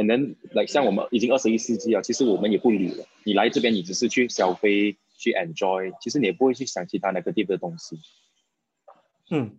可能來，then, like, 像我們已經二十一世紀了，其實我們也不理了，你來這邊，你只是去消費，去 enjoy，其實你也不會去想其他 negative 的東西，嗯。